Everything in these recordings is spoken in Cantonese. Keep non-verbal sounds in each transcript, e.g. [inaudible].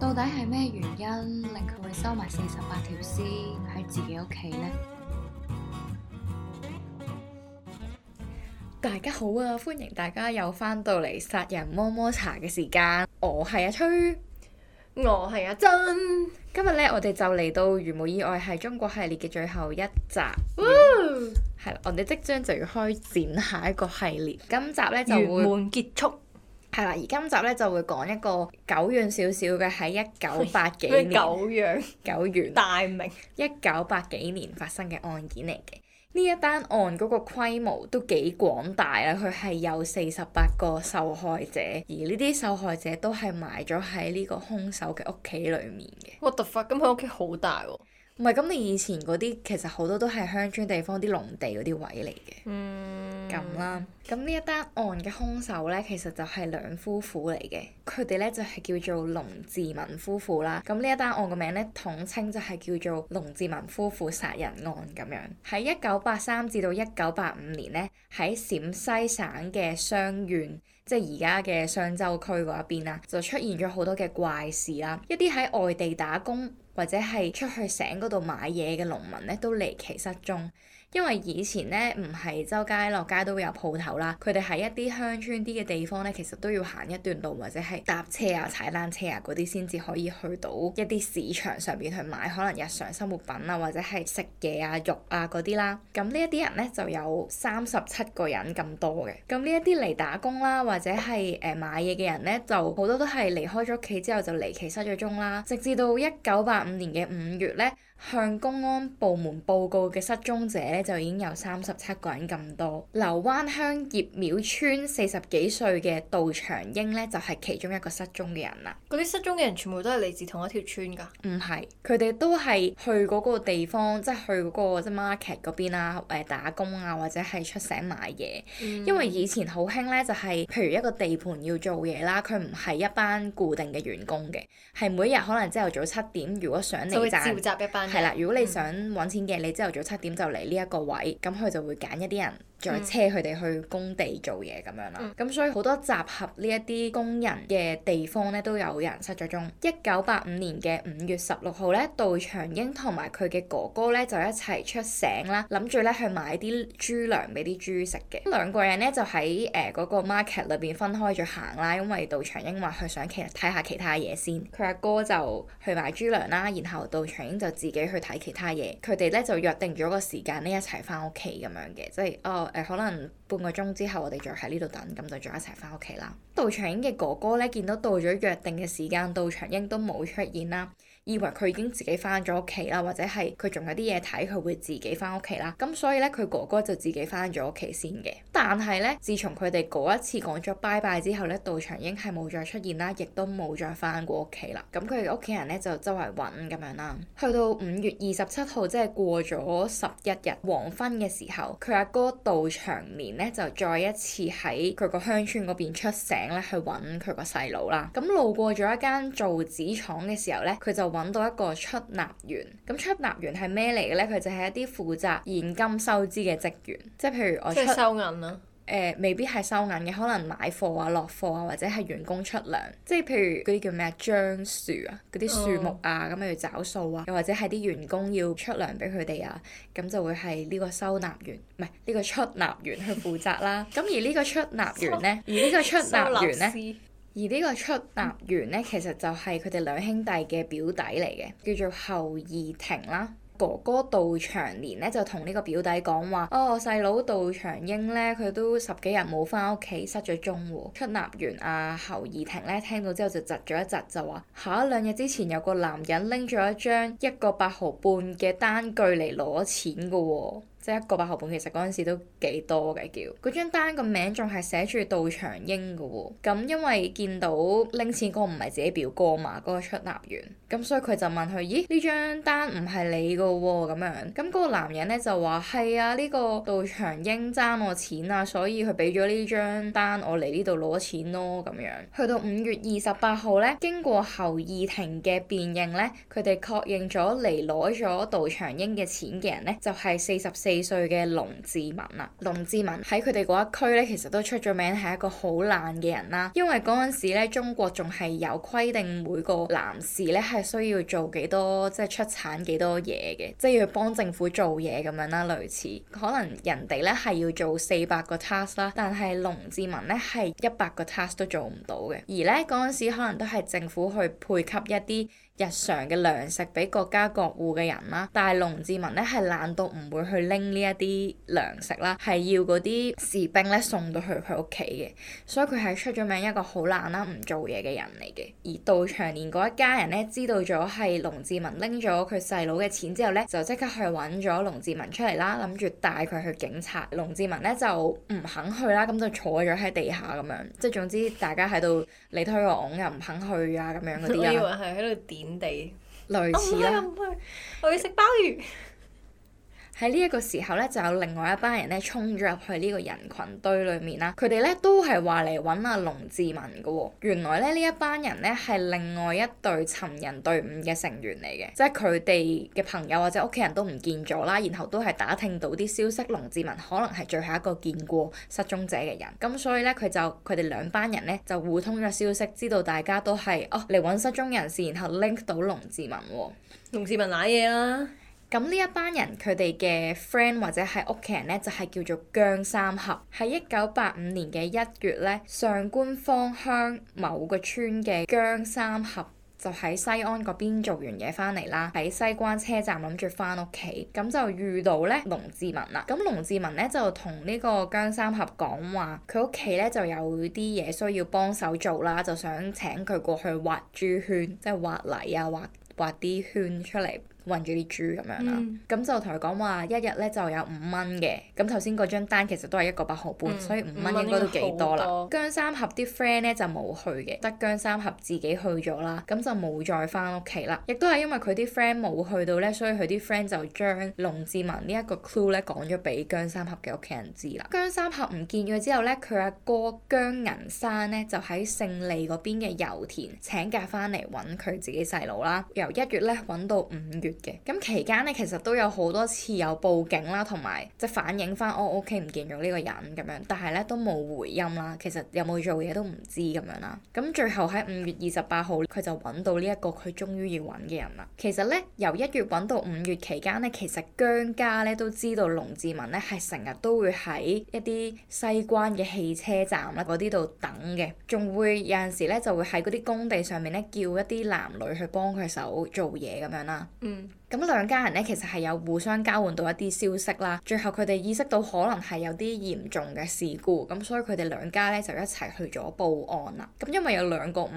到底係咩原因令佢會收埋四十八條屍喺自己屋企呢？大家好啊，歡迎大家又翻到嚟殺人摸摸茶嘅時間。我係阿崔，我係阿珍。今日呢，我哋就嚟到《如無意外》係中國系列嘅最後一集。係啦 Woo!、嗯，我哋即將就要開展下一個系列。今集呢，就會結束。係啦，而今集咧就會講一個久遠少少嘅喺一九八幾年 [laughs] 久遠久遠元大明一九八幾年發生嘅案件嚟嘅。呢一單案嗰個規模都幾廣大啊！佢係有四十八個受害者，而呢啲受害者都係埋咗喺呢個兇手嘅屋企裡面嘅。哇！突發咁佢屋企好大喎、哦。唔係，咁你以前嗰啲其實好多都係鄉村地方啲農地嗰啲位嚟嘅，咁啦、嗯。咁呢一單案嘅兇手咧，其實就係兩夫婦嚟嘅，佢哋咧就係、是、叫做龍治民夫婦啦。咁呢一單案個名咧統稱就係叫做龍治民夫婦殺人案咁樣。喺一九八三至到一九八五年咧，喺陝西省嘅商縣，即係而家嘅商州區嗰一邊啦，就出現咗好多嘅怪事啦。一啲喺外地打工。或者係出去城嗰度買嘢嘅農民咧，都離奇失蹤。因為以前咧唔係周街落街都會有鋪頭啦，佢哋喺一啲鄉村啲嘅地方咧，其實都要行一段路或者係搭車啊、踩單車啊嗰啲先至可以去到一啲市場上邊，去買可能日常生活品啊，或者係食嘢啊、肉啊嗰啲啦。咁呢一啲人咧就有三十七個人咁多嘅。咁呢一啲嚟打工啦或者係誒買嘢嘅人咧，就好多都係離開咗屋企之後就離奇失咗蹤啦，直至到一九八五年嘅五月咧。向公安部門報告嘅失蹤者咧，就已經有三十七個人咁多。劉灣鄉葉廟村四十幾歲嘅杜長英咧，就係其中一個失蹤嘅人啦。嗰啲失蹤嘅人全部都係嚟自同一條村㗎？唔係，佢哋都係去嗰個地方，即係去嗰個即 market 嗰邊啦，打工啊，或者係出省買嘢。嗯、因為以前好興咧，就係譬如一個地盤要做嘢啦，佢唔係一班固定嘅員工嘅，係每日可能朝頭早七點，如果想嚟就會召集一班。係啦 Okay.，如果你想揾錢嘅，你朝頭早七點就嚟呢一個位，咁佢就會揀一啲人。再車佢哋去工地做嘢咁樣啦，咁、嗯、所以好多集合呢一啲工人嘅地方咧都有人失咗蹤。一九八五年嘅五月十六號咧，杜長英同埋佢嘅哥哥咧就一齊出城啦，諗住咧去買啲豬糧俾啲豬食嘅。兩個人咧就喺誒嗰個 market 裏邊分開咗行啦，因為杜長英話佢想其實睇下其他嘢先，佢阿哥就去買豬糧啦，然後杜長英就自己去睇其他嘢。佢哋咧就約定咗個時間呢，一齊翻屋企咁樣嘅，即、就、係、是、哦。誒可能半個鐘之後，我哋再喺呢度等，咁就再一齊返屋企啦。杜長英嘅哥哥咧，見到到咗約定嘅時間，杜長英都冇出現啦。以為佢已經自己翻咗屋企啦，或者係佢仲有啲嘢睇，佢會自己翻屋企啦。咁所以咧，佢哥哥就自己翻咗屋企先嘅。但係咧，自從佢哋嗰一次講咗拜拜之後咧，杜長英係冇再出現啦，亦都冇再翻過屋企啦。咁佢哋屋企人咧就周圍揾咁樣啦。去到五月二十七號，即係過咗十一日黃昏嘅時候，佢阿哥杜長年咧就再一次喺佢個鄉村嗰邊出城咧去揾佢個細佬啦。咁路過咗一間造紙廠嘅時候咧，佢就。揾到一個出納員，咁出納員係咩嚟嘅呢？佢就係一啲負責現金收支嘅職員，即係譬如我出即係收銀啦、啊。誒、呃，未必係收銀嘅，可能買貨啊、落貨啊，或者係員工出糧，即係譬如嗰啲叫咩啊，樟樹啊，嗰啲樹木啊，咁、哦、要找數啊，又或者係啲員工要出糧俾佢哋啊，咁就會係呢個收納員，唔係呢個出納員去負責啦。咁 [laughs] 而呢個出納員呢？而呢個出納員呢？而呢個出納員呢，其實就係佢哋兩兄弟嘅表弟嚟嘅，叫做侯義庭啦。哥哥杜長年呢，就同呢個表弟講話：哦，我細佬杜長英呢，佢都十幾日冇翻屋企，失咗蹤喎。出納員啊，侯義庭呢，聽到之後就窒咗一窒，就話：下兩日之前有個男人拎咗一張一個八毫半嘅單據嚟攞錢㗎喎、啊。即係一個八號本，其實嗰陣時都幾多嘅叫。嗰張單個名仲係寫住杜長英嘅喎。咁、啊、因為見到拎錢個唔係自己表哥嘛，嗰、那個出納員。咁、啊、所以佢就問佢：咦，呢張單唔係你㗎喎、啊？咁樣。咁、啊、嗰、那個男人咧就話：係啊，呢、這個杜長英爭我錢啊，所以佢俾咗呢張單我嚟呢度攞錢咯。咁樣。去到五月二十八號咧，經過侯義廷嘅辨認咧，佢哋確認咗嚟攞咗杜長英嘅錢嘅人咧，就係四十四。歲嘅龍治民啊，龍治民喺佢哋嗰一區呢，其實都出咗名係一個好懶嘅人啦。因為嗰陣時呢，中國仲係有規定每個男士呢係需要做幾多，即係出產幾多嘢嘅，即係要幫政府做嘢咁樣啦，類似。可能人哋呢係要做四百個 task 啦，但係龍治民呢係一百個 task 都做唔到嘅。而呢，嗰陣時可能都係政府去配給一啲。日常嘅糧食俾國家各戶嘅人啦，但係龍治民咧係懶到唔會去拎呢一啲糧食啦，係要嗰啲士兵咧送到去佢屋企嘅，所以佢係出咗名一個好懶啦、唔做嘢嘅人嚟嘅。而杜長年嗰一家人咧知道咗係龍治民拎咗佢細佬嘅錢之後咧，就即刻去揾咗龍治民出嚟啦，諗住帶佢去警察。龍治民咧就唔肯去啦，咁就坐咗喺地下咁樣，即係總之大家喺度你推我拱又唔肯去啊咁樣嗰啲啊。我以為係喺度點？本地類似、唔去，啊、唔去？我要食鮑魚。 [laughs] 喺呢一個時候咧，就有另外一班人咧衝咗入去呢個人群堆裡面啦。佢哋咧都係話嚟揾阿龍治民嘅喎。原來咧呢一班人咧係另外一隊尋人隊伍嘅成員嚟嘅，即係佢哋嘅朋友或者屋企人都唔見咗啦。然後都係打聽到啲消息，龍治民可能係最後一個見過失蹤者嘅人。咁所以咧佢就佢哋兩班人咧就互通咗消息，知道大家都係哦嚟揾失蹤人士，然後 link 到龍治民喎。龍治民瀨嘢啦～咁呢一班人佢哋嘅 friend 或者係屋企人呢，就係叫做姜三合。喺一九八五年嘅一月呢，上官芳鄉某個村嘅姜三合就喺西安嗰邊做完嘢翻嚟啦，喺西關車站諗住翻屋企，咁就遇到呢龍治民啦。咁龍治民呢，就同呢個姜三合講話，佢屋企呢就有啲嘢需要幫手做啦，就想請佢過去畫豬圈，即係畫泥啊，畫畫啲圈出嚟。揾咗啲豬咁樣啦，咁、嗯、就同佢講話一日咧就有五蚊嘅，咁頭先嗰張單其實都係一個八毫半，嗯、所以五蚊應該都幾多啦。多姜三合啲 friend 咧就冇去嘅，得姜三合自己去咗啦，咁就冇再翻屋企啦。亦都係因為佢啲 friend 冇去到咧，所以佢啲 friend 就將龍治民呢一個 clue 咧講咗俾姜三合嘅屋企人知啦。姜三合唔見咗之後咧，佢阿哥姜銀山咧就喺勝利嗰邊嘅油田請假翻嚟揾佢自己細佬啦，由一月咧揾到五月。嘅咁期間咧，其實都有好多次有報警啦，同埋即係反映翻，我屋企唔見咗呢個人咁樣，但係咧都冇回音啦。其實有冇做嘢都唔知咁樣啦。咁最後喺五月二十八號，佢就揾到呢一個佢終於要揾嘅人啦。其實咧，由一月揾到五月期間咧，其實姜家咧都知道龍治民咧係成日都會喺一啲西關嘅汽車站啦嗰啲度等嘅，仲會有陣時咧就會喺嗰啲工地上面咧叫一啲男女去幫佢手做嘢咁樣啦。嗯。咁兩家人咧，其實係有互相交換到一啲消息啦。最後佢哋意識到可能係有啲嚴重嘅事故，咁所以佢哋兩家咧就一齊去咗報案啦。咁因為有兩個唔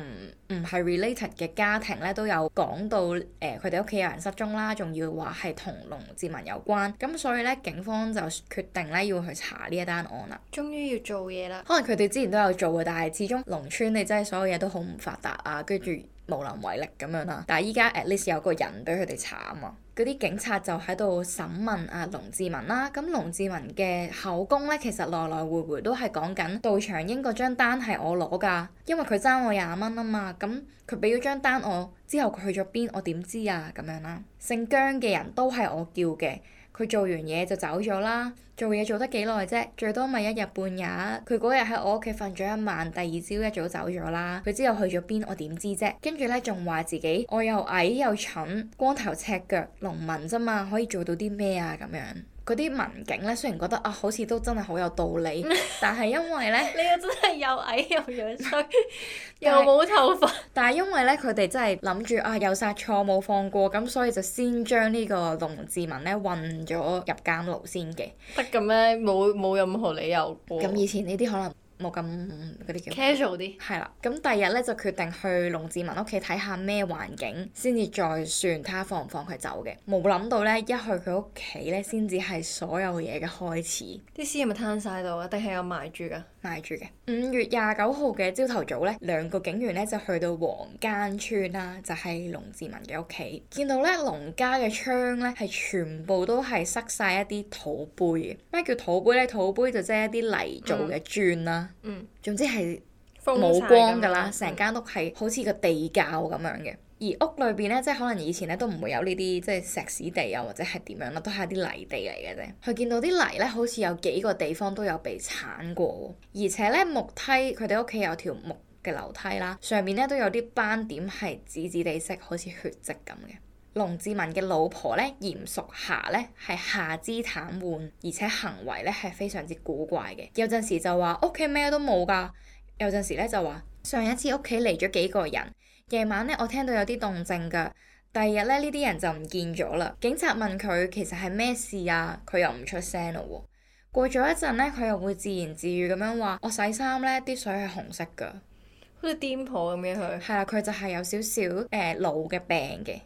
唔係 related 嘅家庭咧，都有講到誒佢哋屋企有人失蹤啦，仲要話係同龍治民有關，咁所以咧警方就決定咧要去查呢一單案啦。終於要做嘢啦！可能佢哋之前都有做嘅，但係始終農村你真係所有嘢都好唔發達啊，跟住。無能為力咁樣啦，但係依家 at least 有個人俾佢哋查啊，嗰啲警察就喺度審問阿、啊、龍治民啦、啊。咁龍治民嘅口供呢，其實來來回回都係講緊杜長英嗰張單係我攞㗎，因為佢爭我廿蚊啊嘛。咁佢俾咗張單我，之後佢去咗邊，我點知啊？咁樣啦、啊，姓姜嘅人都係我叫嘅。佢做完嘢就走咗啦，做嘢做得幾耐啫？最多咪一日半日。佢嗰日喺我屋企瞓咗一晚，第二朝一早走咗啦。佢之後去咗邊，我點知啫？跟住呢，仲話自己我又矮又蠢，光頭赤腳農民啫嘛，可以做到啲咩啊？咁樣。嗰啲民警咧，雖然覺得啊，好似都真係好有道理， [laughs] 但係因為咧， [laughs] 你又真係又矮又樣衰，又冇頭髮， [laughs] 但係因為咧，佢哋真係諗住啊，有殺錯冇放過，咁所以就先將呢個龍治民咧運咗入監牢先嘅。得嘅咩？冇冇任何理由過。咁以前呢啲可能。冇咁啲叫 casual 啲，係啦。咁第二日咧就決定去龍治民屋企睇下咩環境，先至再算睇下放唔放佢走嘅。冇諗到咧，一去佢屋企咧，先至係所有嘢嘅開始。啲屍係咪攤晒度啊？定係有埋住噶？埋住嘅。五月廿九號嘅朝頭早咧，兩個警員咧就去到黃間村啦，就係龍治民嘅屋企，見到咧農家嘅窗咧係全部都係塞晒一啲土杯嘅。咩叫土杯咧？土杯就即係一啲泥做嘅磚啦、嗯。啊嗯，總之係冇光噶啦，成間屋係好似個地窖咁樣嘅。嗯、而屋裏邊咧，即係可能以前咧都唔會有呢啲即係石屎地啊，或者係點樣啦，都係啲泥地嚟嘅啫。佢見到啲泥咧，好似有幾個地方都有被鏟過，而且咧木梯，佢哋屋企有條木嘅樓梯啦，嗯、上面咧都有啲斑點係紫紫地色，好似血跡咁嘅。龍治民嘅老婆咧，嚴淑霞咧，係下肢癱瘓，而且行為咧係非常之古怪嘅。有陣時就話屋企咩都冇噶，有陣時咧就話上一次屋企嚟咗幾個人，夜晚咧我聽到有啲動靜噶，第二日咧呢啲人就唔見咗啦。警察問佢其實係咩事啊，佢又唔出聲咯喎、哦。過咗一陣咧，佢又會自言自語咁樣話：我洗衫咧，啲水係紅色噶，好似癲婆咁樣去。係啦，佢就係有少少誒腦嘅病嘅。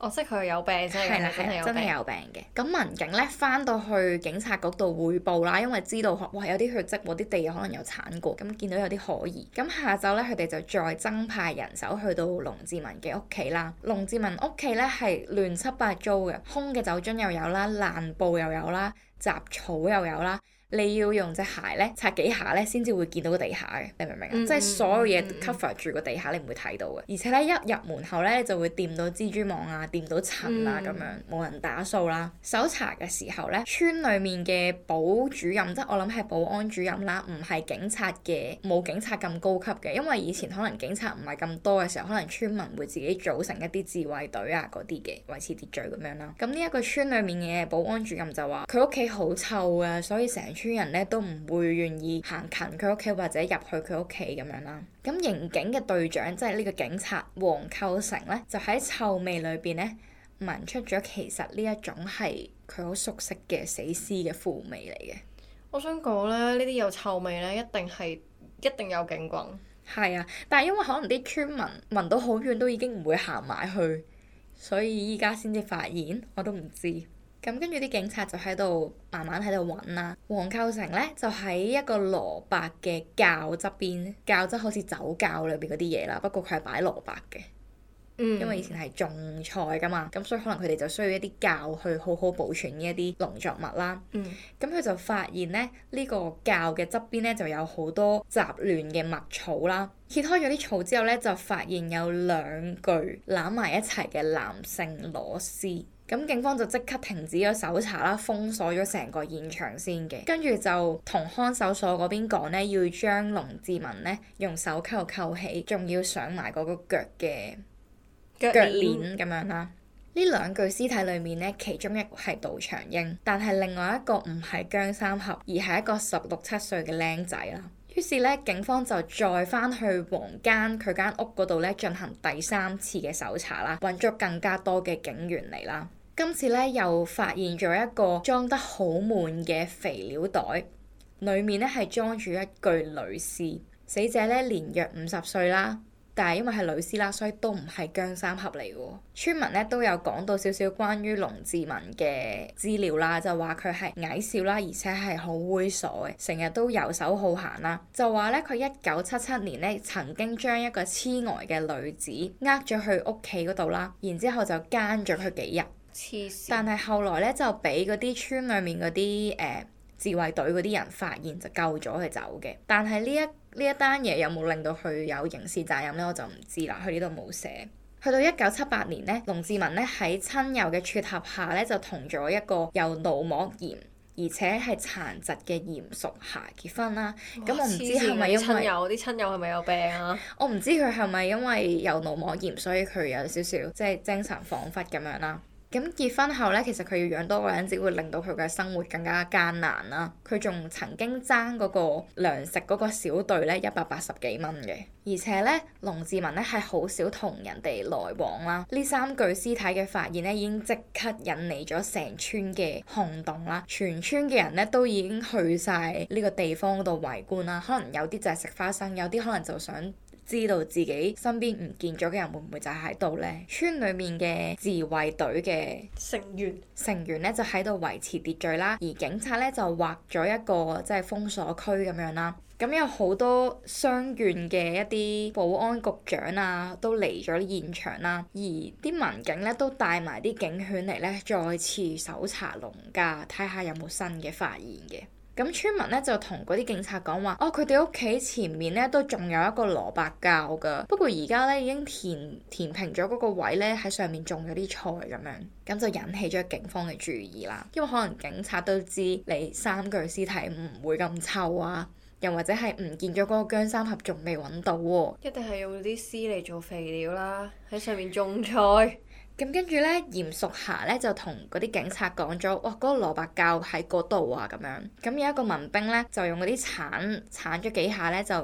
我識佢有病真係的有病嘅。咁民警呢翻到去警察局度匯報啦，因為知道哇有啲血跡，嗰啲地可能有鏟過，咁見到有啲可疑。咁下晝呢，佢哋就再增派人手去到龍治民嘅屋企啦。龍治民屋企呢係亂七八糟嘅，空嘅酒樽又有啦，爛布又有啦，雜草又有啦。你要用隻鞋咧擦幾下咧，先至會見到個地下嘅，你明唔明啊？嗯、即係所有嘢 cover 住個地下，你唔會睇到嘅。而且咧一入門後咧，就會掂到蜘蛛網啊、掂到塵啊咁樣，冇人打掃啦。搜查嘅時候咧，村裡面嘅保主任，即係我諗係保安主任啦，唔係警察嘅，冇警察咁高級嘅。因為以前可能警察唔係咁多嘅時候，可能村民會自己組成一啲自衛隊啊嗰啲嘅維持秩序咁樣啦。咁呢一個村裡面嘅保安主任就話：佢屋企好臭啊，所以成村人咧都唔會願意行近佢屋企或者入去佢屋企咁樣啦。咁刑警嘅隊長即係呢個警察黃寇成咧，就喺臭味裏邊咧聞出咗其實呢一種係佢好熟悉嘅死屍嘅腐味嚟嘅。我想講咧，呢啲有臭味咧，一定係一定有警棍。係啊，但係因為可能啲村民聞到好遠都已經唔會行埋去，所以依家先至發現，我都唔知。咁跟住啲警察就喺度慢慢喺度揾啦。黃構成咧就喺一個蘿蔔嘅窖側邊，窖即好似酒窖裏邊嗰啲嘢啦。不過佢係擺蘿蔔嘅，嗯，因為以前係種菜噶嘛，咁所以可能佢哋就需要一啲窖去好好保存呢一啲農作物啦。嗯，咁佢就發現咧呢，呢個窖嘅側邊咧就有好多雜亂嘅麥草啦。揭開咗啲草之後咧，就發現有兩具攬埋一齊嘅男性裸屍。咁警方就即刻停止咗搜查啦，封鎖咗成個現場先嘅。跟住就同看守所嗰邊講咧，要將龍治民咧用手扣扣起，仲要上埋嗰個腳嘅腳鏈咁樣啦。兩屍呢兩具屍體裏面咧，其中一個係杜長英，但係另外一個唔係姜三合，而係一個十六七歲嘅僆仔啦。於是咧，警方就再翻去黃間佢間屋嗰度咧進行第三次嘅搜查啦，揾咗更加多嘅警員嚟啦。今次咧又發現咗一個裝得好滿嘅肥料袋，裡面咧係裝住一具女屍。死者咧年約五十歲啦，但係因為係女屍啦，所以都唔係殭三合嚟嘅。村民咧都有講到少少關於龍治民嘅資料啦，就話佢係矮小啦，而且係好猥瑣嘅，成日都游手好閒啦。就話咧佢一九七七年咧曾經將一個痴呆嘅女子呃咗去屋企嗰度啦，然之後就奸咗佢幾日。但係後來咧，就俾嗰啲村裏面嗰啲誒自衛隊嗰啲人發現，就救咗佢走嘅。但係呢一呢一單嘢有冇令到佢有刑事責任咧？我就唔知啦，佢呢度冇寫。去到一九七八年咧，龍治民咧喺親友嘅撮合下咧，就同咗一個有腦膜炎而且係殘疾嘅嚴淑霞結婚啦。咁我唔知係咪因為親友啲親友係咪有病啊？我唔知佢係咪因為有腦膜炎，所以佢有少少即係精神恍惚咁樣啦。咁結婚後咧，其實佢要養多個人，只會令到佢嘅生活更加艱難啦。佢仲曾經爭嗰個糧食嗰個小隊咧一百八十幾蚊嘅，而且咧龍治民咧係好少同人哋來往啦。呢三具屍體嘅發現咧，已經即刻引嚟咗成村嘅轟動啦。全村嘅人咧都已經去晒呢個地方度圍觀啦。可能有啲就係食花生，有啲可能就想知道自己身邊唔見咗嘅人會唔會就喺度呢？村裡面嘅自衛隊嘅成員成員咧就喺度維持秩序啦，而警察咧就劃咗一個即係封鎖區咁樣啦。咁、嗯、有好多商縣嘅一啲保安局長啊都嚟咗現場啦、啊，而啲民警咧都帶埋啲警犬嚟咧，再次搜查農家，睇下有冇新嘅發現嘅。咁村民咧就同嗰啲警察講話哦，佢哋屋企前面咧都仲有一個蘿蔔窖噶，不過而家咧已經填填平咗嗰個位咧，喺上面種咗啲菜咁樣，咁就引起咗警方嘅注意啦。因為可能警察都知你三具屍體唔會咁臭啊，又或者係唔見咗嗰個姜三合仲未揾到，啊，一定係用啲屍嚟做肥料啦，喺上面種菜。 [laughs] 咁跟住呢，嚴淑霞呢就同嗰啲警察講咗，哇，嗰個蘿蔔窖喺嗰度啊，咁樣。咁有一個民兵呢，就用嗰啲鏟鏟咗幾下呢，就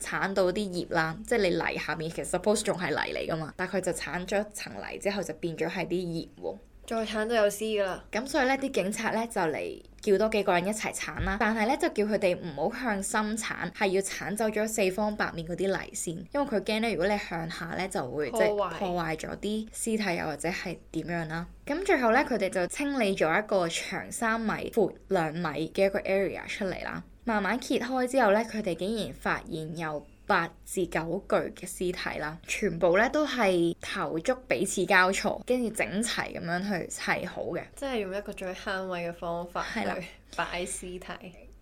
鏟到啲葉啦。即係你泥下面其實 suppose 仲係泥嚟噶嘛，但係佢就鏟咗層泥之後，就變咗係啲葉喎。再鏟都有屍噶啦，咁所以呢啲警察呢，就嚟叫多幾個人一齊鏟啦，但係呢，就叫佢哋唔好向深鏟，係要鏟走咗四方八面嗰啲泥先，因為佢驚呢，如果你向下呢，就會即係破壞咗啲屍體又或者係點樣啦。咁最後呢，佢哋就清理咗一個長三米、闊兩米嘅一個 area 出嚟啦。慢慢揭開之後呢，佢哋竟然發現有八至九具嘅屍體啦，全部咧都係頭足彼此交錯，跟住整齊咁樣去砌好嘅，即係用一個最慳位嘅方法去係啦擺屍體。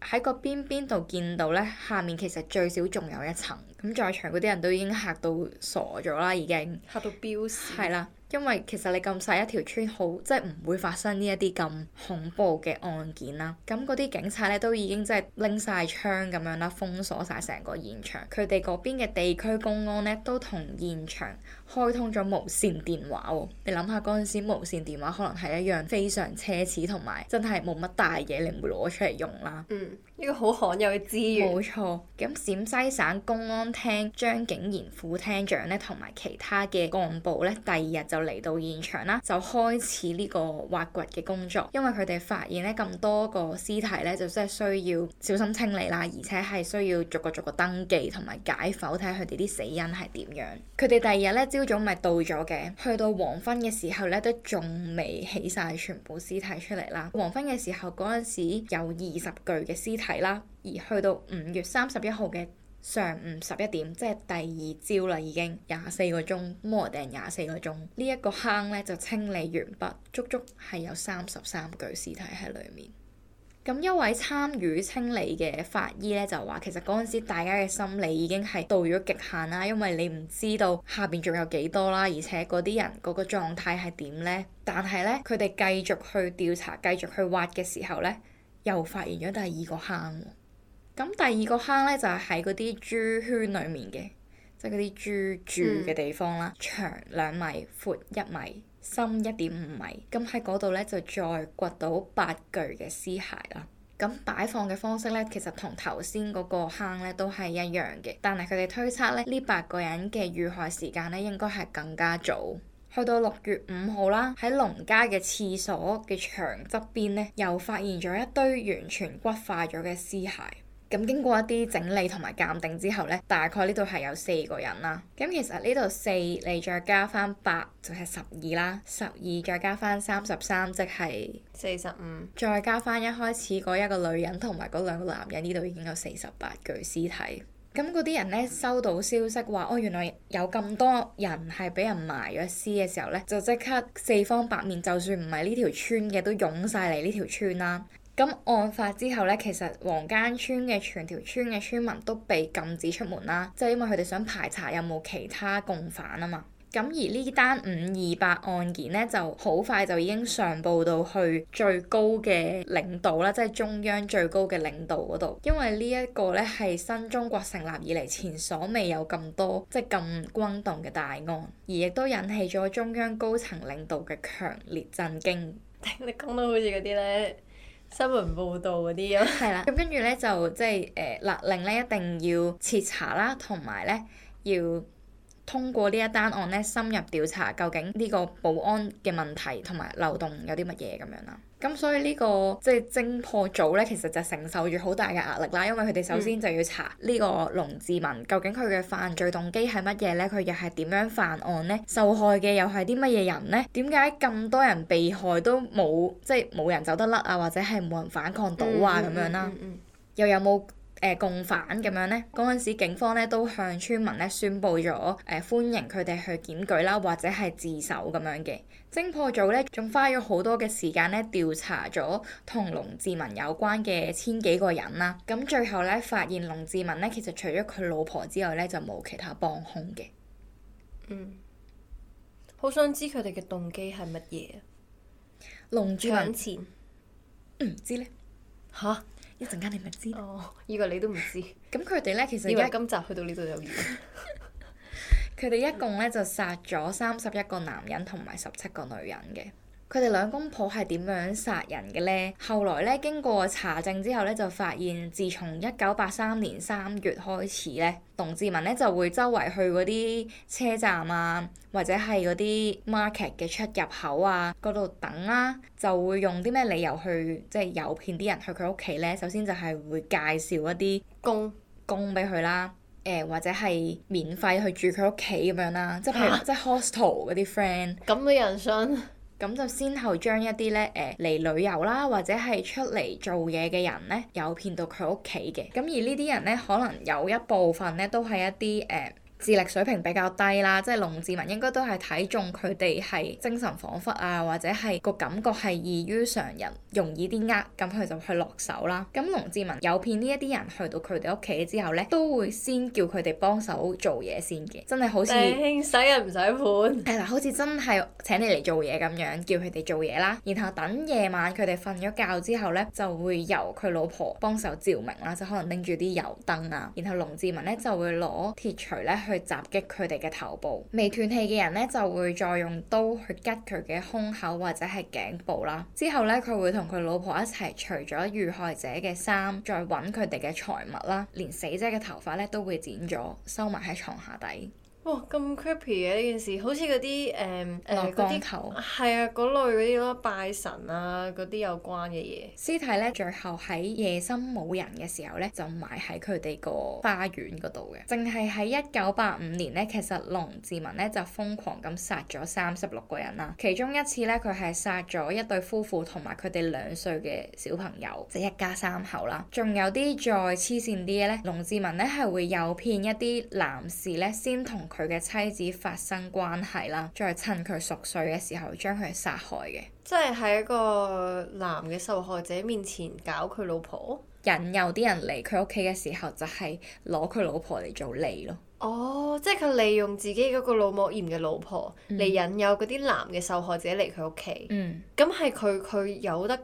喺個邊邊度見到咧，下面其實最少仲有一層。咁在場嗰啲人都已經嚇到傻咗啦，已經嚇到飆屎。係啦。因為其實你咁細一條村好，好即係唔會發生呢一啲咁恐怖嘅案件啦。咁嗰啲警察咧都已經即係拎晒槍咁樣啦，封鎖晒成個現場。佢哋嗰邊嘅地區公安咧都同現場開通咗無線電話喎、哦。你諗下嗰陣時無線電話可能係一樣非常奢侈同埋真係冇乜大嘢，你唔會攞出嚟用啦。嗯。呢個好罕有嘅資源。冇錯，咁陝西省公安廳張景然副廳長咧，同埋其他嘅幹部咧，第二日就嚟到現場啦，就開始呢個挖掘嘅工作。因為佢哋發現咧咁多個屍體咧，就真係需要小心清理啦，而且係需要逐個逐個登記同埋解剖，睇下佢哋啲死因係點樣。佢哋第二日咧，朝早咪到咗嘅，去到黃昏嘅時候咧，都仲未起晒全部屍體出嚟啦。黃昏嘅時候嗰陣時有二十具嘅屍體。係啦，而去到五月三十一號嘅上午十一點，即係第二朝啦，已經廿四個鐘，摩羅定廿四個鐘。呢一個坑咧就清理完畢，足足係有三十三具屍體喺裏面。咁一位參與清理嘅法醫咧就話，其實嗰陣時大家嘅心理已經係到咗極限啦，因為你唔知道下邊仲有幾多啦，而且嗰啲人嗰個狀態係點呢？但係呢，佢哋繼續去調查，繼續去挖嘅時候呢，又發現咗第二個坑，咁第二個坑咧就係喺嗰啲豬圈裡面嘅，即係嗰啲豬住嘅地方啦，嗯、長兩米，闊一米，深一點五米，咁喺嗰度咧就再掘到八具嘅屍骸啦。咁擺放嘅方式咧，其實同頭先嗰個坑咧都係一樣嘅，但係佢哋推測咧呢八個人嘅遇害時間咧應該係更加早。去到六月五號啦，喺龍家嘅廁所嘅牆側邊咧，又發現咗一堆完全骨化咗嘅屍骸。咁經過一啲整理同埋鑑定之後咧，大概呢度係有四個人啦。咁其實呢度四，你再加翻八就係十二啦，十二再加翻三十三即係四十五，45. 再加翻一開始嗰一個女人同埋嗰兩個男人，呢度已經有四十八具屍體。咁嗰啲人呢，收到消息話，哦原來有咁多人係俾人埋咗屍嘅時候呢，就即刻四方八面，就算唔係呢條村嘅都湧晒嚟呢條村啦、啊。咁案發之後呢，其實黃崗村嘅全條村嘅村民都被禁止出門啦、啊，就係、因為佢哋想排查有冇其他共犯啊嘛。咁而呢單五二八案件咧，就好快就已經上報到去最高嘅領導啦，即係中央最高嘅領導嗰度。因為呢一個咧係新中國成立以嚟前所未有咁多，即係咁轟動嘅大案，而亦都引起咗中央高層領導嘅強烈震驚。聽你講到好似嗰啲咧新聞報導嗰啲啊。係 [laughs] 啦， [laughs] 咁跟住咧就即係誒勒令咧一定要徹查啦，同埋咧要。通過呢一單案咧，深入調查究竟呢個保安嘅問題同埋漏洞有啲乜嘢咁樣啦。咁所以呢、呢個即係偵破組呢，其實就承受住好大嘅壓力啦。因為佢哋首先就要查呢個龍治民、嗯、究竟佢嘅犯罪動機係乜嘢呢？佢又係點樣犯案呢？受害嘅又係啲乜嘢人呢？點解咁多人被害都冇即係冇人走得甩啊？或者係冇人反抗到啊？咁、嗯嗯嗯嗯、樣啦，又有冇？誒、呃、共犯咁樣呢，嗰陣時警方呢都向村民呢宣布咗誒、呃、歡迎佢哋去檢舉啦，或者係自首咁樣嘅。偵破組呢仲花咗好多嘅時間呢調查咗同龍治民有關嘅千幾個人啦。咁最後呢，發現龍治民呢其實除咗佢老婆之外呢，就冇其他幫兇嘅。嗯，好想知佢哋嘅動機係乜嘢啊？龍治民，唔知呢。吓？一陣間你咪知，咯、哦，以為你都唔知。咁佢哋咧，其實而家今集去到呢度有完。佢 [laughs] 哋 [laughs] 一共咧就殺咗三十一個男人同埋十七個女人嘅。佢哋兩公婆係點樣殺人嘅呢？後來咧經過查證之後咧，就發現自從一九八三年三月開始咧，龍治民咧就會周圍去嗰啲車站啊，或者係嗰啲 market 嘅出入口啊嗰度等啦、啊，就會用啲咩理由去即係誘騙啲人去佢屋企呢？首先就係會介紹一啲工工俾佢啦，誒、呃、或者係免費去住佢屋企咁樣啦，即係、啊、即係 hostel 嗰啲 friend 咁嘅人生。咁就先後將一啲咧誒嚟旅遊啦，或者係出嚟做嘢嘅人咧，誘騙到佢屋企嘅。咁而呢啲人咧，可能有一部分咧，都係一啲誒。呃智力水平比較低啦，即係龍治民應該都係睇中佢哋係精神恍惚啊，或者係個感覺係異於常人，容易啲呃，咁佢就去落手啦。咁龍治民誘騙呢一啲人去到佢哋屋企之後呢，都會先叫佢哋幫手做嘢先嘅，真係好似使人唔使本。係啦，好似真係請你嚟做嘢咁樣，叫佢哋做嘢啦。然後等夜晚佢哋瞓咗覺之後呢，就會由佢老婆幫手照明啦，就可能拎住啲油燈啊。然後龍治民呢，就會攞鐵錘呢。去襲擊佢哋嘅頭部，未斷氣嘅人咧就會再用刀去拮佢嘅胸口或者係頸部啦。之後咧佢會同佢老婆一齊除咗遇害者嘅衫，再揾佢哋嘅財物啦，連死者嘅頭髮咧都會剪咗收埋喺床下底。哇，咁 creepy 嘅、啊、呢件事，好似嗰啲誒誒嗰啲係啊，嗰、啊、類嗰啲咯，拜神啊嗰啲有關嘅嘢。屍體咧，最後喺夜深冇人嘅時候咧，就埋喺佢哋個花園嗰度嘅。淨係喺一九八五年咧，其實龍治民咧就瘋狂咁殺咗三十六個人啦。其中一次咧，佢係殺咗一對夫婦同埋佢哋兩歲嘅小朋友，即、就、係、是、一家三口啦。仲有啲再黐線啲嘅咧，龍治民咧係會誘騙一啲男士咧，先同。佢嘅妻子發生關係啦，再趁佢熟睡嘅時候將佢殺害嘅，即係喺一個男嘅受害者面前搞佢老婆，引誘啲人嚟佢屋企嘅時候，就係攞佢老婆嚟做利咯。哦，oh, 即係佢利用自己嗰個腦膜炎嘅老婆嚟引誘嗰啲男嘅受害者嚟佢屋企。嗯、mm.，咁係佢佢有得。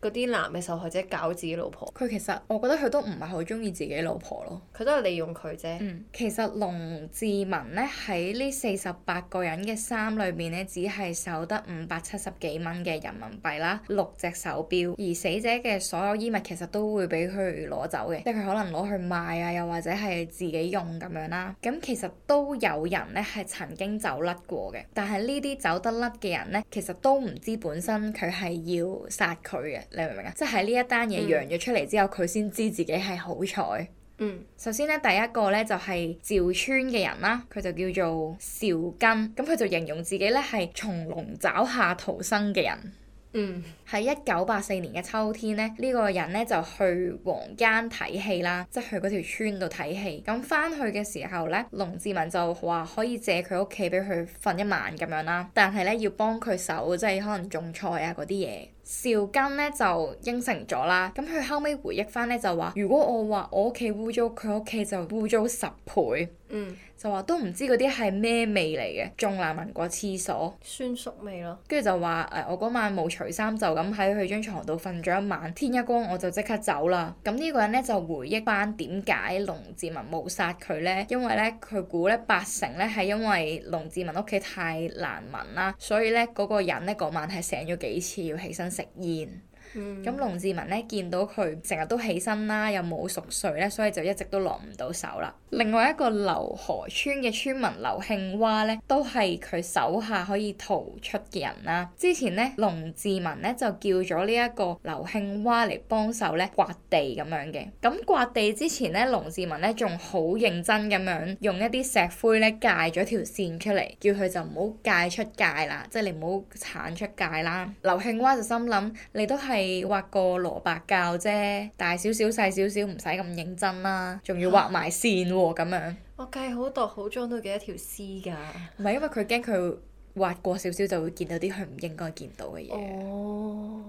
嗰啲男嘅受害者搞自己老婆，佢其實，我覺得佢都唔係好中意自己老婆咯，佢都係利用佢啫、嗯。其實龍治民咧喺呢四十八個人嘅衫裏面咧，只係收得五百七十幾蚊嘅人民幣啦，六隻手表，而死者嘅所有衣物其實都會俾佢攞走嘅，即係佢可能攞去賣啊，又或者係自己用咁樣啦。咁其實都有人咧係曾經走甩過嘅，但係呢啲走得甩嘅人咧，其實都唔知本身佢係要殺佢嘅。你明唔明啊？即係呢一單嘢揚咗出嚟之後，佢先、嗯、知自己係好彩。嗯，首先咧，第一個咧就係、是、趙村嘅人啦，佢就叫做邵金，咁佢就形容自己咧係從龍爪下逃生嘅人。嗯，喺一九八四年嘅秋天咧，呢、這個人咧就去黃間睇戲啦，即係去嗰條村度睇戲。咁返去嘅時候咧，龍治民就話可以借佢屋企俾佢瞓一晚咁樣啦，但係咧要幫佢手，即係可能種菜啊嗰啲嘢。邵根呢就應承咗啦，咁佢後尾回憶翻呢，就話：如果我話我屋企污糟，佢屋企就污糟十倍。嗯就話都唔知嗰啲係咩味嚟嘅，仲難聞過廁所酸熟味咯。跟住就話誒、哎，我嗰晚冇除衫，就咁喺佢張床度瞓咗一晚，天一光我就即刻走啦。咁呢個人咧就回憶返點解龍治民冇殺佢咧？因為咧佢估咧八成咧係因為龍治民屋企太難聞啦，所以咧嗰、那個人咧嗰晚係醒咗幾次要起身食煙。咁龍治民咧見到佢成日都起身啦，又冇熟睡咧，所以就一直都落唔到手啦。另外一個劉河村嘅村民劉慶蛙咧，都係佢手下可以逃出嘅人啦。之前咧，龍治民咧就叫咗呢一個劉慶蛙嚟幫手咧刮地咁樣嘅。咁刮地之前咧，龍治民咧仲好認真咁樣用一啲石灰咧界咗條綫出嚟，叫佢就唔好界出界啦，即係你唔好鏟出界啦。劉慶蛙就心諗：「你都係。」係挖個蘿蔔窖啫，大少少細少少唔使咁認真啦，仲要畫埋線喎、哦、咁樣。我計好度好裝到幾多條絲噶。唔 [laughs] 係因為佢驚佢挖過少少就會見到啲佢唔應該見到嘅嘢。哦，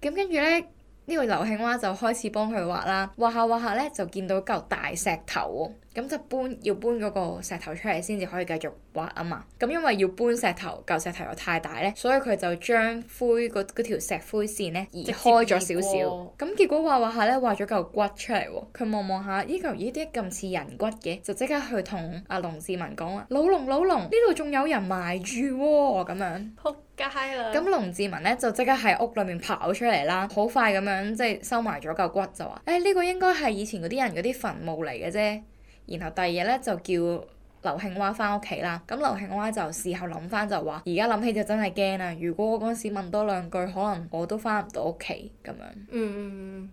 咁跟住呢。呢個劉慶蛙就開始幫佢畫啦，畫下畫下咧就見到嚿大石頭喎、哦，咁就搬要搬嗰個石頭出嚟先至可以繼續畫啊嘛。咁、嗯、因為要搬石頭，嚿石頭又太大咧，所以佢就將灰嗰嗰條石灰線咧移開咗少少。咁、哦、結果畫畫下咧畫咗嚿骨出嚟喎、哦，佢望望下呢嚿，咦啲咁似人骨嘅，就即刻去同阿龍治民講啦：老龍老龍，呢度仲有人埋住喎咁樣。咁龍治民呢，就即刻喺屋裏面跑出嚟啦，好快咁樣即係收埋咗嚿骨就話：誒，呢個應該係以前嗰啲人嗰啲墳墓嚟嘅啫。然後第二日呢，就叫劉慶娃翻屋企啦。咁劉慶娃就事後諗翻就話：而家諗起就真係驚啦。如果我嗰陣時問多兩句，可能我都翻唔到屋企咁樣。嗯嗯嗯，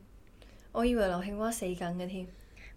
我以為劉慶娃死緊嘅添。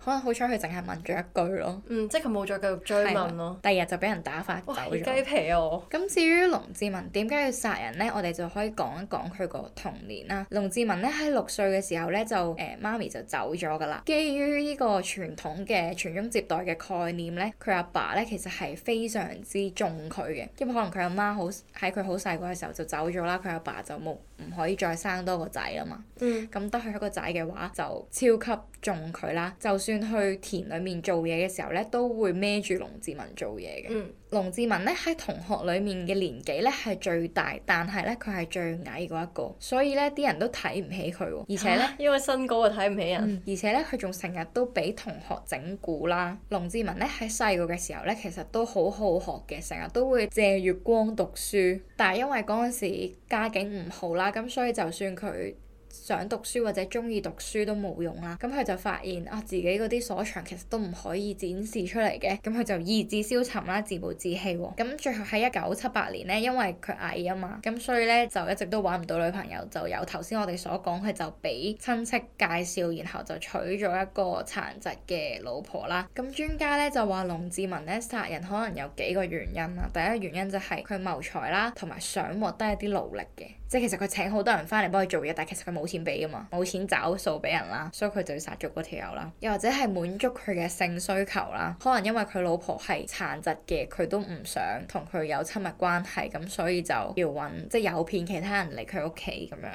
可能好彩佢淨係問咗一句咯，嗯、即係佢冇再繼續追問咯。第二日就俾人打發走咗。哇！雞皮啊我。咁至於龍治民點解要殺人呢？我哋就可以講一講佢個童年啦。龍治民呢喺六歲嘅時候呢，就誒、欸、媽咪就走咗㗎啦。基於呢個傳統嘅傳宗接代嘅概念呢，佢阿爸，爸呢其實係非常之重佢嘅，因為可能佢阿媽好喺佢好細個嘅時候就走咗啦，佢阿爸，爸就冇唔可以再生多個仔啊嘛。嗯。咁得佢一個仔嘅話就超級。種佢啦，就算去田裏面做嘢嘅時候咧，都會孭住龍治民做嘢嘅。龍治民咧喺同學裏面嘅年紀咧係最大，但係咧佢係最矮嗰一個，所以咧啲人都睇唔起佢喎、啊。而且咧、啊，因為身高啊睇唔起人，嗯、而且咧佢仲成日都俾同學整蠱啦。龍治民咧喺細個嘅時候咧，其實都好好學嘅，成日都會借月光讀書，但係因為嗰陣時家境唔好啦，咁所以就算佢。想讀書或者中意讀書都冇用啦，咁佢就發現啊自己嗰啲所長其實都唔可以展示出嚟嘅，咁佢就意志消沉啦，自暴自棄喎，咁最後喺一九七八年呢，因為佢矮啊嘛，咁所以呢，就一直都揾唔到女朋友，就由頭先我哋所講，佢就俾親戚介紹，然後就娶咗一個殘疾嘅老婆啦。咁專家呢，就話龍治民呢殺人可能有幾個原因啊，第一個原因就係佢謀財啦，同埋想獲得一啲勞力嘅。即係其實佢請好多人翻嚟幫佢做嘢，但係其實佢冇錢俾㗎嘛，冇錢找數俾人啦，所以佢就要殺咗嗰條友啦。又或者係滿足佢嘅性需求啦，可能因為佢老婆係殘疾嘅，佢都唔想同佢有親密關係，咁所以就要揾即係誘騙其他人嚟佢屋企咁樣。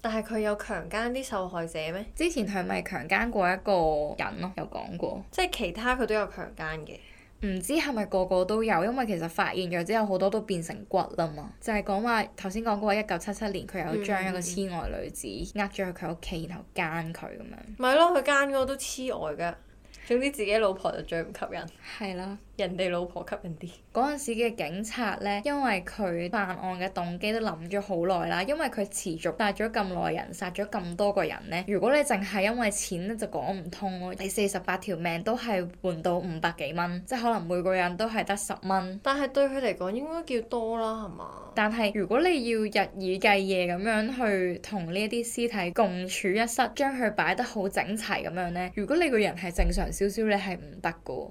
但係佢有強姦啲受害者咩？之前佢咪強姦過一個人咯，有講過，即係其他佢都有強姦嘅。唔知係咪個個都有，因為其實發現咗之後，好多都變成骨啦嘛。就係講話頭先講嗰個一九七七年，佢又將一個痴呆女子呃咗去佢屋企，然後奸佢咁、嗯、樣。咪咯，佢奸嗰個都痴呆噶。總之自己老婆就最唔吸引。係啦。 [laughs] 人哋老婆吸引啲。嗰陣時嘅警察呢，因為佢犯案嘅動機都諗咗好耐啦，因為佢持續殺咗咁耐人，殺咗咁多個人呢。如果你淨係因為錢咧，就講唔通咯。第四十八條命都係換到五百幾蚊，即係可能每個人都係得十蚊。但係對佢嚟講應該叫多啦，係嘛？但係如果你要日以繼夜咁樣去同呢啲屍體共處一室，將佢擺得好整齊咁樣呢，如果你個人係正常少少，你係唔得㗎。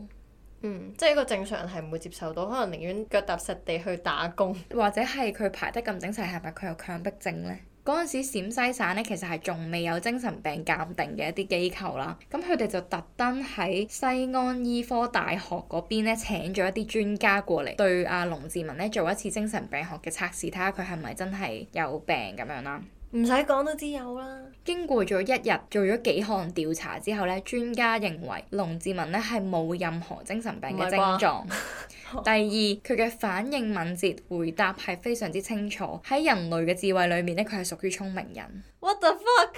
嗯，即係一個正常人係唔會接受到，可能寧願腳踏實地去打工，或者係佢排得咁整齊，係咪佢有強迫症呢？嗰陣時，陝西省呢，其實係仲未有精神病鑑定嘅一啲機構啦，咁佢哋就特登喺西安醫科大學嗰邊呢，請咗一啲專家過嚟，對阿、啊、龍志文龍治民呢做一次精神病學嘅測試，睇下佢係咪真係有病咁樣啦。唔使講都知有啦。經過咗一日做咗幾項調查之後咧，專家認為龍治民咧係冇任何精神病嘅症狀。是 [laughs] 第二，佢嘅反應敏捷，回答係非常之清楚。喺人類嘅智慧裏面咧，佢係屬於聰明人。What the fuck？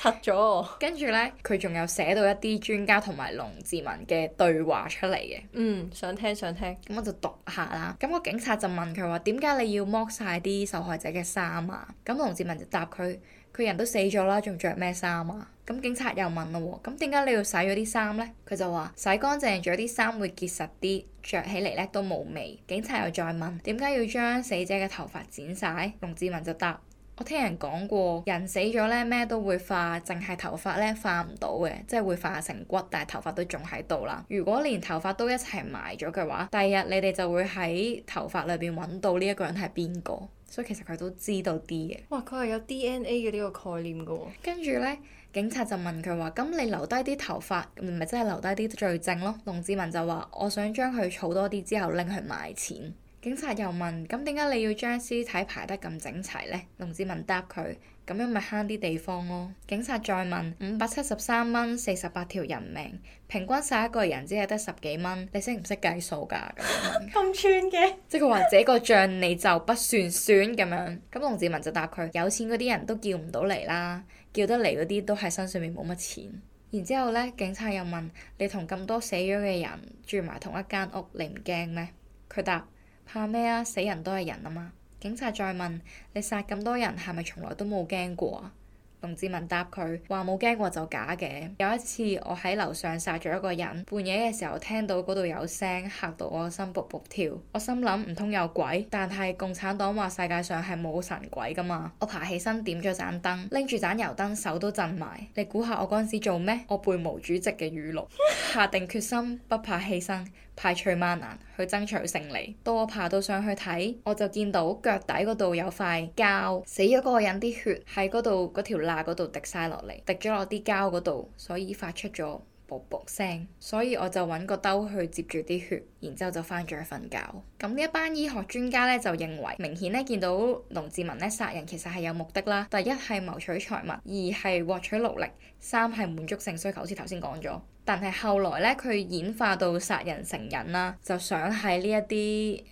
拆咗我。跟住咧，佢仲有寫到一啲專家同埋龍治民嘅對話出嚟嘅。嗯，想聽想聽。咁我就讀下啦。咁個警察就問佢話：點解你要剝晒啲受害者嘅衫啊？咁龍治民就答佢：佢人都死咗啦，仲着咩衫啊？咁警察又問啦喎：咁點解你要洗咗啲衫咧？佢就話：洗乾淨咗啲衫會結實啲，着起嚟咧都冇味。警察又再問：點解要將死者嘅頭髮剪晒？龍治民就答。我聽人講過，人死咗呢，咩都會化，淨係頭髮呢化唔到嘅，即係會化成骨，但係頭髮都仲喺度啦。如果連頭髮都一齊埋咗嘅話，第二日你哋就會喺頭髮裏邊揾到呢一個人係邊個，所以其實佢都知道啲嘅。哇！佢係有 DNA 嘅呢個概念嘅喎。跟住呢，警察就問佢話：咁你留低啲頭髮，唔係真係留低啲罪證咯？龍治民就話：我想將佢儲多啲之後拎去賣錢。警察又問：咁點解你要將屍體排得咁整齊呢？龍治民答佢：咁樣咪慳啲地方咯。警察再問：五百七十三蚊四十八條人命，平均曬一個人只係得十幾蚊，你識唔識計數㗎？咁串嘅，即係佢話這個賬你就不算算咁樣。咁龍治民就答佢：有錢嗰啲人都叫唔到嚟啦，叫得嚟嗰啲都係身上面冇乜錢。然之後呢，警察又問：你同咁多死咗嘅人住埋同一間屋，你唔驚咩？佢答。怕咩啊？死人都係人啊嘛！警察再問，你殺咁多人係咪從來都冇驚過啊？龍治民答佢話，冇驚過就假嘅。有一次我喺樓上殺咗一個人，半夜嘅時候聽到嗰度有聲，嚇到我心卜卜跳。我心諗唔通有鬼，但係共產黨話世界上係冇神鬼㗎嘛。我爬起身點咗盞燈，拎住盞油燈手都震埋。你估下我嗰陣時做咩？我背毛主席嘅語錄，下定決心，不怕犧牲。排除萬難去爭取勝利，到我爬到上去睇，我就見到腳底嗰度有塊膠，死咗嗰個人啲血喺嗰度嗰條罅嗰度滴晒落嚟，滴咗落啲膠嗰度，所以發出咗卜卜聲，所以我就揾個兜去接住啲血，然之後就翻咗去瞓覺。咁呢一班醫學專家呢，就認為，明顯呢，見到龍治民呢殺人其實係有目的啦。第一係謀取財物，二係獲取勞力，三係滿足性需求。好似頭先講咗，但係後來呢，佢演化到殺人成癮啦，就想喺呢一啲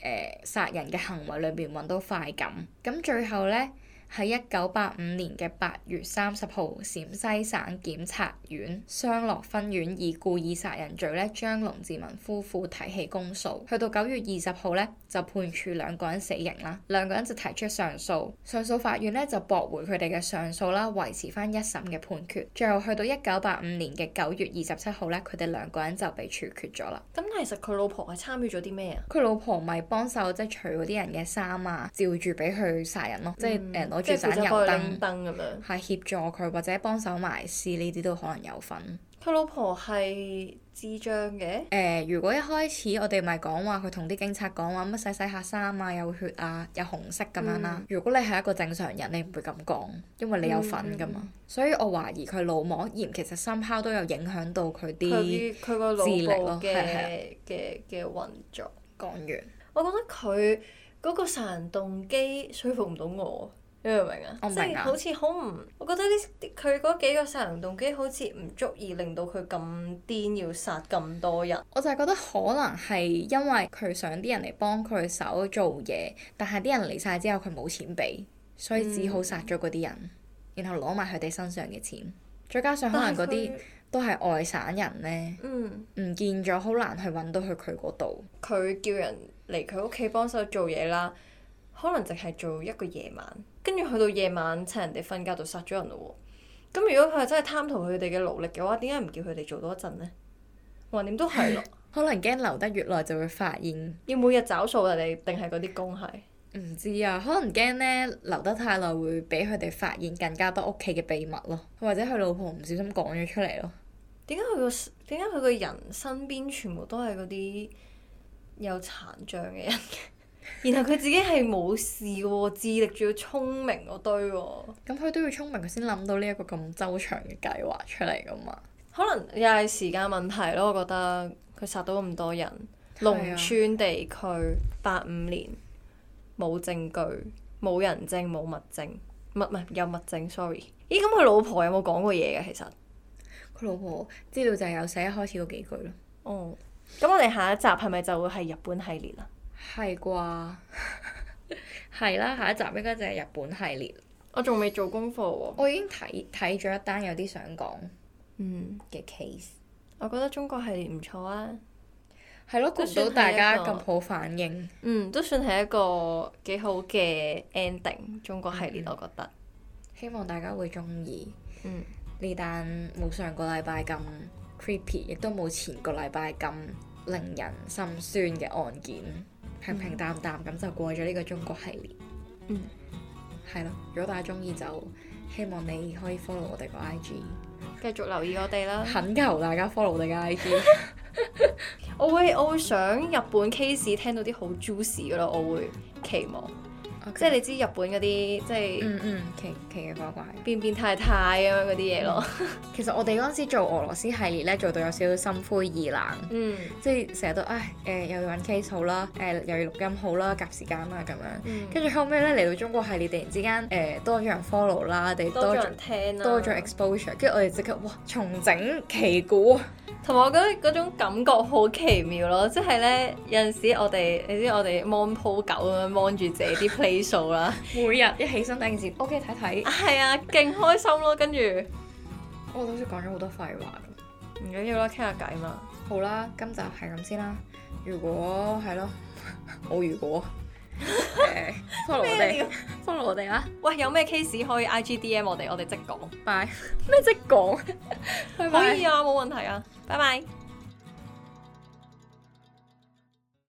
誒殺人嘅行為裏邊揾到快感。咁最後呢。喺一九八五年嘅八月三十號，陝西省檢察院商洛分院以故意殺人罪咧，將龍治民夫婦提起公訴。去到九月二十號咧，就判處兩個人死刑啦。兩個人就提出上訴，上訴法院咧就駁回佢哋嘅上訴啦，維持返一審嘅判決。最後去到一九八五年嘅九月二十七號咧，佢哋兩個人就被處決咗啦。咁其實佢老婆係參與咗啲咩啊？佢老婆咪幫手即係除嗰啲人嘅衫啊，照住俾佢殺人咯、啊，嗯、即係誒。呃住盞油燈，燈咁樣係協助佢或者幫手埋屍呢啲都可能有份。佢老婆係智障嘅。誒、欸，如果一開始我哋咪講話佢同啲警察講話乜洗洗下衫啊，有血啊，有紅色咁樣啦。嗯、如果你係一個正常人，你唔會咁講，因為你有份噶嘛。嗯嗯、所以我懷疑佢腦膜炎其實深刻都有影響到佢啲佢個腦嘅嘅嘅運作。講完，我覺得佢嗰個殺人動機説服唔到我。你明唔明啊？即係好似好唔，我覺得啲佢嗰幾個殺人動機好似唔足以令到佢咁癲要殺咁多人。我就係覺得可能係因為佢想啲人嚟幫佢手做嘢，但係啲人嚟晒之後佢冇錢俾，所以只好殺咗嗰啲人，然後攞埋佢哋身上嘅錢。再加上可能嗰啲都係外省人呢，唔見咗好難去揾到佢去佢嗰度。佢叫人嚟佢屋企幫手做嘢啦，可能淨係做一個夜晚。跟住去到夜晚，趁人哋瞓覺就殺咗人咯喎、哦！咁如果佢係真係貪圖佢哋嘅勞力嘅話，點解唔叫佢哋做多一陣呢？橫掂都係咯， [laughs] 可能驚留得越耐就會發現。要每日找數啊？你定係嗰啲工係？唔知啊，可能驚呢，留得太耐會俾佢哋發現更加多屋企嘅秘密咯，或者佢老婆唔小心講咗出嚟咯。點解佢個點解佢個人身邊全部都係嗰啲有殘障嘅人？ [laughs] 然後佢自己係冇事喎、哦，智力仲要聰明嗰堆喎、哦。咁佢都要聰明，佢先諗到呢一個咁周長嘅計劃出嚟噶嘛？可能又係時間問題咯。我覺得佢殺到咁多人，農、啊、村地區八五年，冇證據，冇人證，冇物證，物唔係有物證。Sorry，咦？咁佢老婆有冇講過嘢嘅？其實佢老婆資料就係有寫開始嗰幾句咯。哦，咁我哋下一集係咪就會係日本系列啊？係啩，係啦是， [laughs] 下一集應該就係日本系列。我仲未做功課喎、哦，我已經睇睇咗一單有啲想講，嘅 case、嗯。我覺得中國系列唔錯啊，係咯了，估到大家咁好反應。嗯，都算係一個幾好嘅 ending。中國系列，我覺得、嗯、希望大家會中意。呢單冇上個禮拜咁 creepy，亦都冇前個禮拜咁令人心酸嘅案件。平平淡淡咁就過咗呢個中國系列，嗯，係咯，如果大家中意就希望你可以 follow 我哋個 IG，繼續留意我哋啦，懇求大家 follow 我哋個 IG，我會我會想日本 case 聽到啲好 juicy 噶咯，我會期望。Okay. 即係你知日本嗰啲即係、嗯嗯、奇奇奇怪怪、變變態態咁樣嗰啲嘢咯。 [laughs] 其實我哋嗰陣時做俄羅斯系列咧，做到有少少心灰意冷。嗯，即係成日都唉誒，又要揾 case 好啦，誒又要錄音好啦，夾、呃呃呃呃呃呃呃呃、時間啊咁樣。跟住、嗯、後尾咧嚟到中國系列，突然之間誒、呃、多咗人 follow 啦，我哋多咗人聽啦、啊，多咗 exposure。跟住我哋即刻哇，重整旗鼓同埋我覺得嗰種感覺好奇妙咯，即係咧有陣時我哋你知我哋摸鋪狗咁樣望住自己啲 play。數啦，每日一起身第一件事，O K 睇睇，係、 [laughs] okay, [laughs] 啊，勁開心咯，跟住、哦、我好似講咗好多廢話，唔緊要啦，傾下偈嘛，好啦，今集係咁先啦，如果係咯，我如果 [laughs] ，follow 我哋，follow 我哋啦，喂，有咩 case 可以 I G D M 我哋，我哋即講，拜 Bye. [laughs] 即，咩即講，可以啊，冇問題啊，拜拜。